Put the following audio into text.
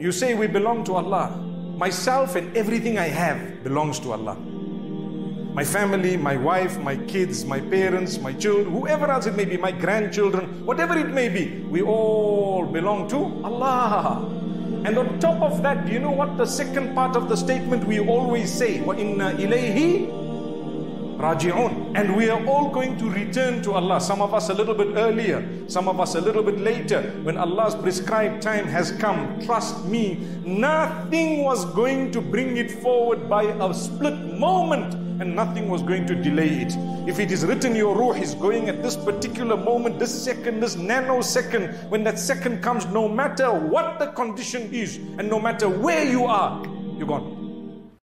You say we belong to Allah. Myself and everything I have belongs to Allah. My family, my wife, my kids, my parents, my children, whoever else it may be, my grandchildren, whatever it may be, we all belong to Allah. And on top of that, do you know what the second part of the statement we always say? وَإِنَّا إِلَيْهِ raji'un. And we are all going to return to Allah. Some of us a little bit earlier, some of us a little bit later. When Allah's prescribed time has come, trust me, nothing was going to bring it forward by a split moment and nothing was going to delay it. If it is written your ruh is going at this particular moment, this second, this nanosecond, when that second comes, no matter what the condition is and no matter where you are, you're gone.